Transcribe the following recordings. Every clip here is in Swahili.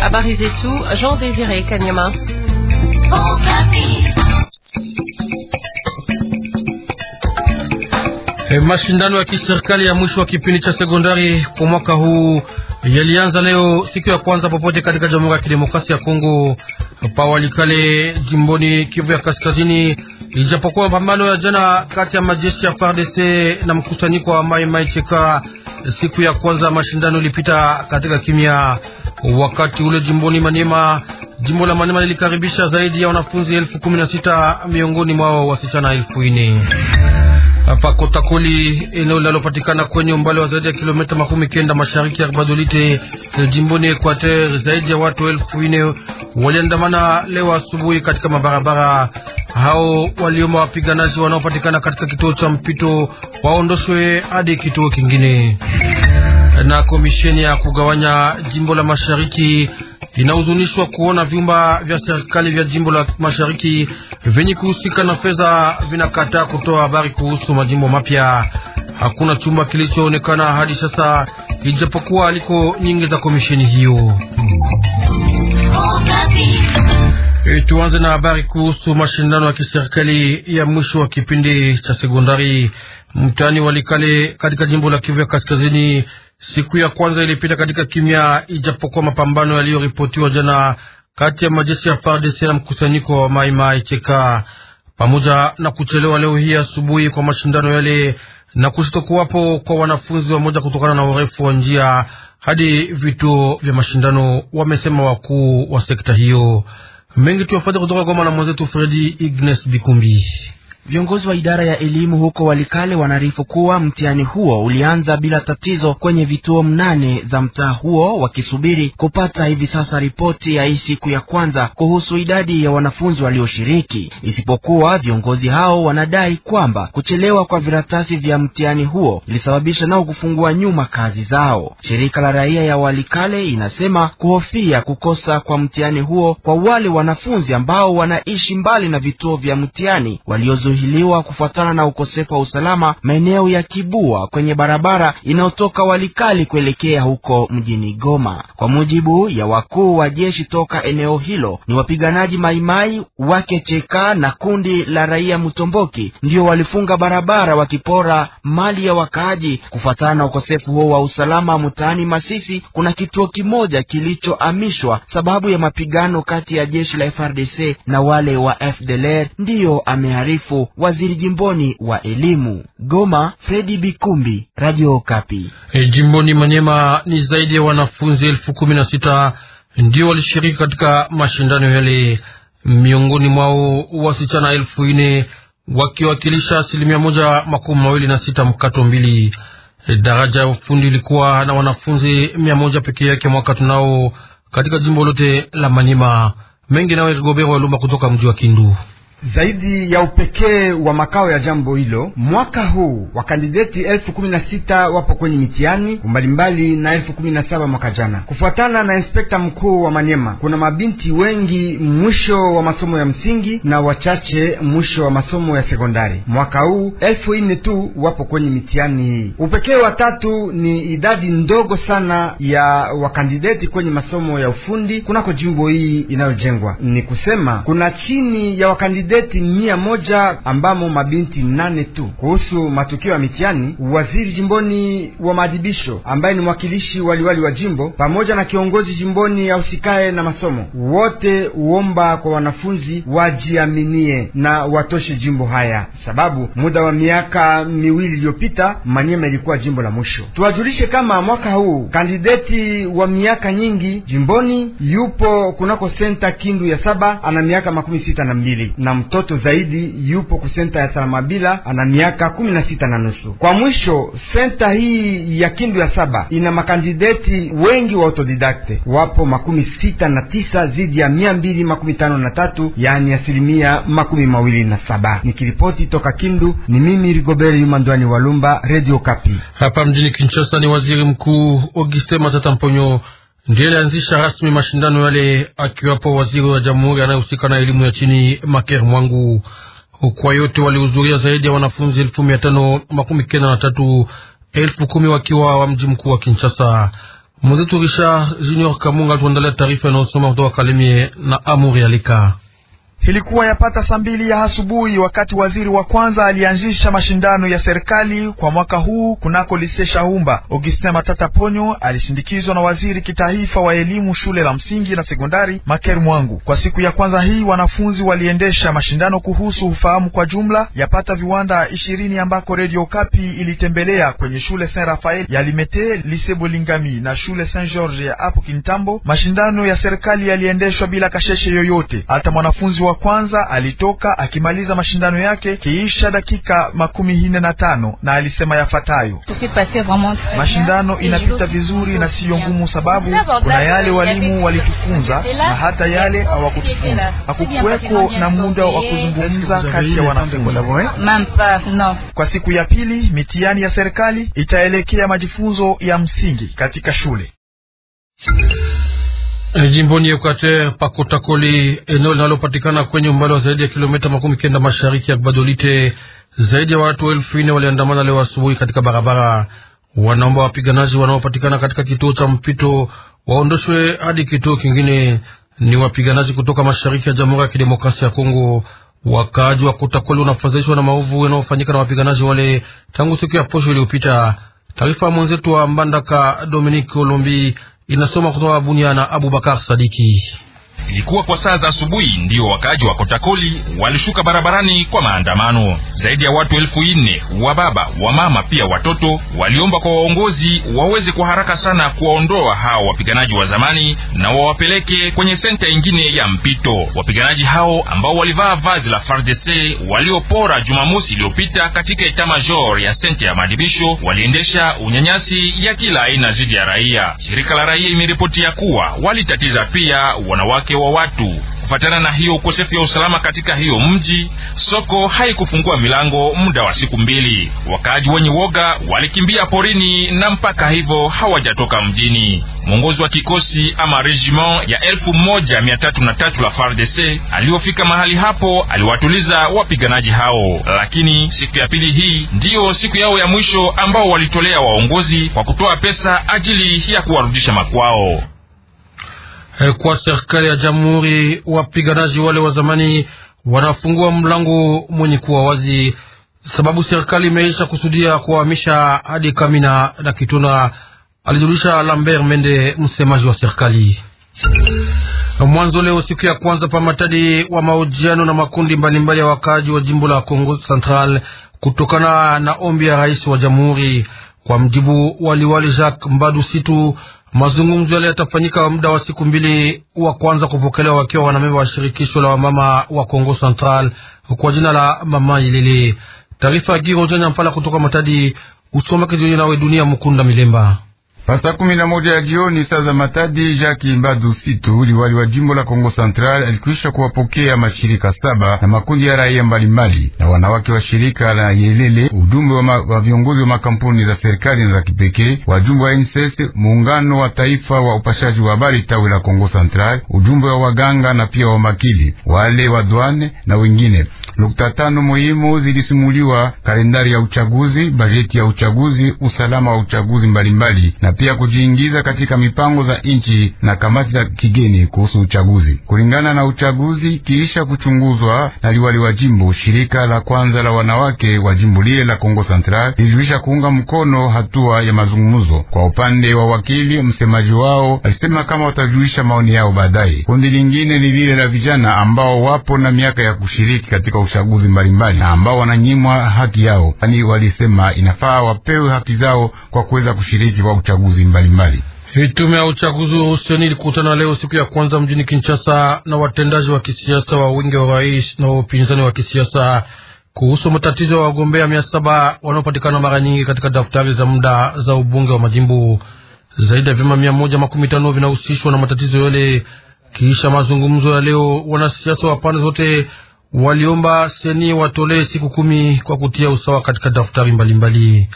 Habari zetu, Jean Désiré Kanyama. Hey, eh, mashindano ya kiserikali ya mwisho wa kipindi cha sekondari kwa mwaka huu yalianza leo siku ya kwanza popote katika Jamhuri ya Kidemokrasia ya Kongo pawalikale jimboni Kivu ya Kaskazini, ijapokuwa mapambano ya jana kati ya majeshi ya FARDC na mkusanyiko wa Mai Mai Cheka siku ya kwanza mashindano ilipita katika kimya. Wakati ule jimboni manema jimbo la manema lilikaribisha zaidi ya wanafunzi elfu kumi na sita miongoni mwao wasichana elfu nne hapa Kotakoli, eneo linalopatikana kwenye umbali wa zaidi ya kilomita makumi kenda mashariki ya Badolite jimboni Equateur. Zaidi ya watu elfu nne waliandamana leo asubuhi katika mabarabara hao walioma wapiganaji wanaopatikana katika kituo cha mpito waondoshwe hadi kituo kingine. Na komisheni ya kugawanya jimbo la mashariki inahuzunishwa kuona vyumba vya serikali vya jimbo la mashariki vyenye kuhusika na fedha vinakataa kutoa habari kuhusu majimbo mapya. Hakuna chumba kilichoonekana hadi sasa, ijapokuwa aliko nyingi za komisheni hiyo. Oh, Eh, tuanze na habari kuhusu mashindano ya kiserikali ya mwisho wa kipindi cha sekondari mtaani Walikale katika jimbo la Kivu ya Kaskazini. Siku ya kwanza ilipita katika kimya, ijapokuwa mapambano yaliyoripotiwa jana kati ya majeshi ya FARDC na mkusanyiko wa Maimai Cheka, pamoja na kuchelewa leo hii asubuhi kwa mashindano yale na kusitokuwapo kwa wanafunzi wamoja kutokana na urefu wa njia hadi vituo vya mashindano, wamesema wakuu wa sekta hiyo mengi tuyafate kutoka kwa mwana mwenzetu Fredi ignes Bikumbi. Viongozi wa idara ya elimu huko Walikale wanaarifu kuwa mtihani huo ulianza bila tatizo kwenye vituo mnane za mtaa huo wakisubiri kupata hivi sasa ripoti ya hii siku ya kwanza kuhusu idadi ya wanafunzi walioshiriki. Isipokuwa viongozi hao wanadai kwamba kuchelewa kwa viratasi vya mtihani huo ilisababisha nao kufungua nyuma kazi zao. Shirika la raia ya Walikale inasema kuhofia kukosa kwa mtihani huo kwa wale wanafunzi ambao wanaishi mbali na vituo vya mtihani waliozu waliozuiliwa kufuatana na ukosefu wa usalama maeneo ya Kibua kwenye barabara inayotoka Walikali kuelekea huko mjini Goma. Kwa mujibu ya wakuu wa jeshi toka eneo hilo, ni wapiganaji Maimai wake Cheka na kundi la raia Mutomboki ndio walifunga barabara wakipora mali ya wakaaji. Kufuatana na ukosefu huo wa usalama mtaani Masisi, kuna kituo kimoja kilichohamishwa sababu ya mapigano kati ya jeshi la FRDC na wale wa FDLR, ndiyo ameharifu waziri jimboni wa elimu. Goma, Fredi Bikumbi, Radio Okapi. E, jimboni Manyema ni zaidi ya wanafunzi elfu kumi na sita ndio walishiriki katika mashindano yale, miongoni mwao wasichana elfu nne wakiwakilisha asilimia moja makumi mawili na sita mkato mbili. E, daraja ya ufundi ilikuwa na wanafunzi mia moja pekee yake mwaka tunao katika jimbo lote la Manyema. Mengi nawe Rigobero Walumba kutoka mji wa Kindu zaidi ya upekee wa makao ya jambo hilo, mwaka huu wakandideti elfu kumi na sita wapo kwenye mitihani mbalimbali na elfu kumi na saba mwaka jana. Kufuatana na inspekta mkuu wa Manyema, kuna mabinti wengi mwisho wa masomo ya msingi na wachache mwisho wa masomo ya sekondari. Mwaka huu elfu nne tu wapo kwenye mitihani hii. Upekee wa tatu ni idadi ndogo sana ya wakandideti kwenye masomo ya ufundi kunako jimbo hii inayojengwa, ni kusema kuna chini ya wakandideti kandideti mia moja ambamo mabinti nane tu. Kuhusu matukio ya mitihani, waziri jimboni wa maadibisho ambaye ni mwakilishi waliwali wa jimbo pamoja na kiongozi jimboni usikae na masomo wote uomba kwa wanafunzi wajiaminie na watoshe jimbo haya, sababu muda wa miaka miwili iliyopita Manyema ilikuwa jimbo la mwisho. Tuwajulishe kama mwaka huu kandideti wa miaka nyingi jimboni yupo kunako senta Kindu ya saba, ana miaka makumi sita na mbili na mtoto zaidi yupo kusenta ya Salamabila, ana miaka kumi na sita na nusu. Kwa mwisho, senta hii ya Kindu ya saba ina makandideti wengi wa autodidakte, wapo makumi sita na tisa zidi ya mia mbili makumi tano na tatu yaani asilimia makumi mawili na saba. Nikiripoti toka Kindu ni mimi Rigoberi Yumandwani Walumba, Radio Kapi. Hapa mjini Kinshasa ni waziri mkuu Augustin Matata Mponyo ndiye alianzisha rasmi mashindano yale akiwapo waziri wa jamhuri anayehusika na elimu ya chini Maker Mwangu. Kwa yote walihudhuria zaidi ya wanafunzi elfu mia tano makumi kenda na tatu elfu kumi wakiwa wa mji mkuu wa Kinshasa. Mwenzetu Richard Junior Kamunga tuandalia taarifa inayosoma kutoka Kalemie na Amuri Alika. Ilikuwa yapata saa mbili ya asubuhi wakati waziri wa kwanza alianzisha mashindano ya serikali kwa mwaka huu kunako Lise Shaumba. Augustin Matata Ponyo alishindikizwa na waziri kitaifa wa elimu shule la msingi na sekondari Maker Mwangu. Kwa siku ya kwanza hii wanafunzi waliendesha mashindano kuhusu ufahamu kwa jumla yapata viwanda ishirini ambako redio Kapi ilitembelea kwenye shule Saint Rafael ya Limete, Lise Bolingami na shule Saint George ya apu Kintambo. Mashindano ya serikali yaliendeshwa bila kasheshe yoyote, hata mwanafunzi wa kwanza alitoka akimaliza mashindano yake kiisha dakika makumi hine na tano na alisema yafatayo mashindano inapita vizuri na siyo ngumu, sababu kuna yale walimu walitufunza na hata yale hawakutufunza. Hakukuweko na muda wa kuzungumza kati ya wanafunzi. Kwa siku ya pili, mitihani ya serikali itaelekea majifunzo ya msingi katika shule. Eh, jimboni Equateur pakotakoli eneo linalopatikana kwenye umbali wa zaidi ya kilomita makumi kenda mashariki ya badolite zaidi ya watu elfu nne waliandamana leo asubuhi katika barabara. Wanaomba wapiganaji wanaopatikana katika kituo cha mpito waondoshwe hadi kituo kingine. Ni wapiganaji kutoka mashariki ya Jamhuri ya Kidemokrasia ya Kongo. Wakaaji wa Kotakoli wanafadhaishwa na maovu yanayofanyika na wapiganaji wale tangu siku ya posho iliyopita. Taarifa ya mwenzetu wa Mbandaka Dominique Olombi Inasoma kutoka Bunia na Abubakar Sadiki. Ilikuwa kwa saa za asubuhi ndio wakaaji wa Kotakoli walishuka barabarani kwa maandamano. Zaidi ya watu elfu nne wa baba wa mama pia watoto waliomba kwa waongozi waweze kwa haraka sana kuwaondoa hao wapiganaji wa zamani na wawapeleke kwenye senta ingine ya mpito. Wapiganaji hao ambao walivaa vazi la FARDC waliopora Jumamosi iliyopita katika eta major ya senta ya maadibisho waliendesha unyanyasi ya kila aina dhidi ya raia. Shirika la raia imeripoti ya kuwa walitatiza pia wanawake wake wa watu. Kufatana na hiyo ukosefu ya usalama katika hiyo mji, soko haikufungua milango muda wa siku mbili. Wakaaji wenye woga walikimbia porini na mpaka hivyo hawajatoka mjini. Mwongozi wa kikosi ama regiment ya elfu moja mia tatu na tatu la FARDC aliofika mahali hapo aliwatuliza wapiganaji hao, lakini siku ya pili hii ndiyo siku yao ya mwisho ambao walitolea waongozi kwa kutoa pesa ajili ya kuwarudisha makwao kwa serikali ya jamhuri. Wapiganaji wale wa zamani wanafungua mlango mwenye kuwa wazi, sababu serikali imeisha kusudia kuwahamisha hadi Kamina na Kituna, alijulisha Lambert Mende, msemaji wa serikali. Mwanzo leo siku ya kwanza pamatadi wa mahojiano na makundi mbalimbali ya wakaaji wa jimbo la congo Central kutokana na ombi ya rais wa jamhuri. Kwa mjibu waliwali Jacques Mbadu Situ, Mazungumzo yale yatafanyika muda wa siku mbili, wa kwanza kupokelewa wakiwa wanamemba wa shirikisho la wamama wa Kongo Central kwa jina la Mama Ilili. Taarifa ya Giro Janya Mpala kutoka Matadi, usomeke jioni nawe Dunia Mukunda Milemba. Pasa kumi na moja ya jioni saa za Matadi, Jacques Mbadu Situ, liwali wa jimbo la Kongo Central, alikwisha kuwapokea mashirika saba na makundi ya raia mbalimbali na wanawake wa shirika la Yelele, ujumbe wa, wa viongozi wa makampuni za serikali na za kipekee, wajumbe wa NSS, muungano wa taifa wa upashaji wa habari tawi la Kongo Central, ujumbe wa waganga na pia wa makili wale wa dwane na wengine. Nukta tano muhimu zilisimuliwa: kalendari ya uchaguzi, bajeti ya uchaguzi, usalama wa uchaguzi mbalimbali mbali, na pia kujiingiza katika mipango za nchi na kamati za kigeni kuhusu uchaguzi kulingana na uchaguzi kiisha kuchunguzwa na liwali wa jimbo. Shirika la kwanza la wanawake wa jimbo lile la Kongo Central lilijulisha kuunga mkono hatua ya mazungumzo. Kwa upande wa wakili, msemaji wao alisema kama watajulisha maoni yao baadaye. Kundi lingine ni lile la vijana ambao wapo na miaka ya kushiriki katika uchaguzi mbalimbali na ambao wananyimwa haki yao, yaani walisema inafaa wapewe haki zao kwa kuweza kushiriki kwa uchaguzi mbalimbali. Tume ya uchaguzi wa Useni ilikutana leo siku ya kwanza mjini Kinshasa na watendaji wa kisiasa wa wingi wa rais na upinzani wa kisiasa kuhusu matatizo ya wagombea mia saba wanaopatikana mara nyingi katika daftari za muda za ubunge wa majimbo. Zaidi ya vyama mia moja makumi tano vinahusishwa na matatizo yale. Kisha mazungumzo ya leo, wanasiasa wa pande zote waliomba seni watolee siku kumi kwa kutia usawa katika daftari mbalimbali.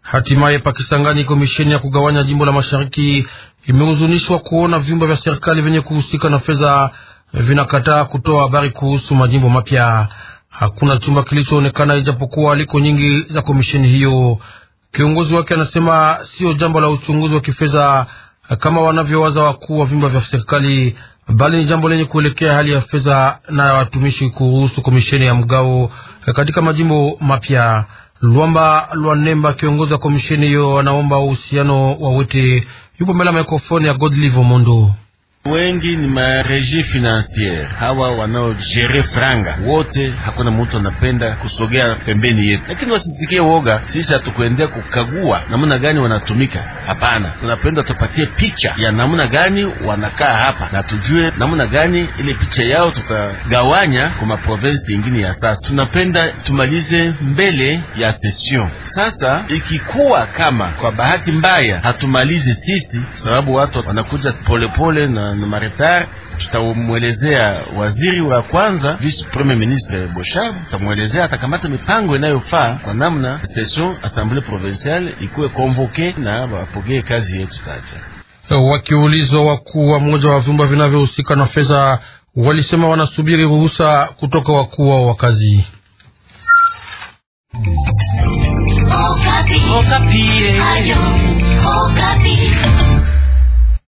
Hatimaye Pakistangani, komisheni ya kugawanya jimbo la mashariki imehuzunishwa kuona vyumba vya serikali vyenye kuhusika na fedha vinakataa kutoa habari kuhusu majimbo mapya. Hakuna chumba kilichoonekana ijapokuwa aliko nyingi za komisheni hiyo. Kiongozi wake anasema sio jambo la uchunguzi wa kifedha kama wanavyowaza wakuu wa vyumba vya serikali bali ni jambo lenye kuelekea hali ya fedha na ya watumishi kuhusu komisheni ya mgao katika majimbo mapya. Lwamba Lwanemba, kiongozi wa komisheni hiyo, anaomba uhusiano wa wote. Yupo mbele ya mikrofoni ya Godlive Omondo wengi ni maregie financiere hawa wanaogere franga wote, hakuna mtu anapenda kusogea pembeni yetu, lakini wasisikie woga. Sisi hatukuendea kukagua namna gani wanatumika, hapana. Tunapenda tupatie picha ya namna gani wanakaa hapa na tujue namna gani ile picha yao tutagawanya kwa maprovensi yingine ya sasa. Tunapenda tumalize mbele ya session. Sasa ikikuwa kama kwa bahati mbaya hatumalizi sisi, sababu watu wanakuja polepole pole na na marepar. Tutamwelezea waziri wa kwanza vice premier ministre Boshab, tutamwelezea atakamata mipango inayofaa kwa namna session assemblée provinciale ikuwe convoqué na wapokee kazi yetu taja. Wakiulizwa wakuu wa moja wa vyumba vinavyohusika na fedha walisema wanasubiri ruhusa kutoka wakuu wao wa kazi. Okapi. Oh, Okapi. Oh,